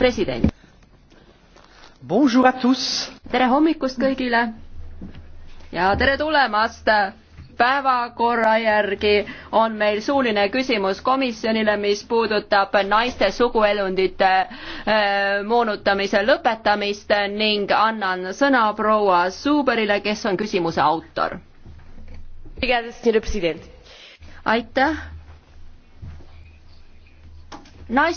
president. tere hommikust kõigile ja tere tulemast päevakorra järgi on meil suuline küsimus komisjonile, mis puudutab naiste suguelundite äh, moonutamise lõpetamist ning annan sõna proua Suuberile, kes on küsimuse autor. aitäh naiste